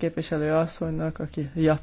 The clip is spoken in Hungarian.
képviselő asszonynak, aki ja,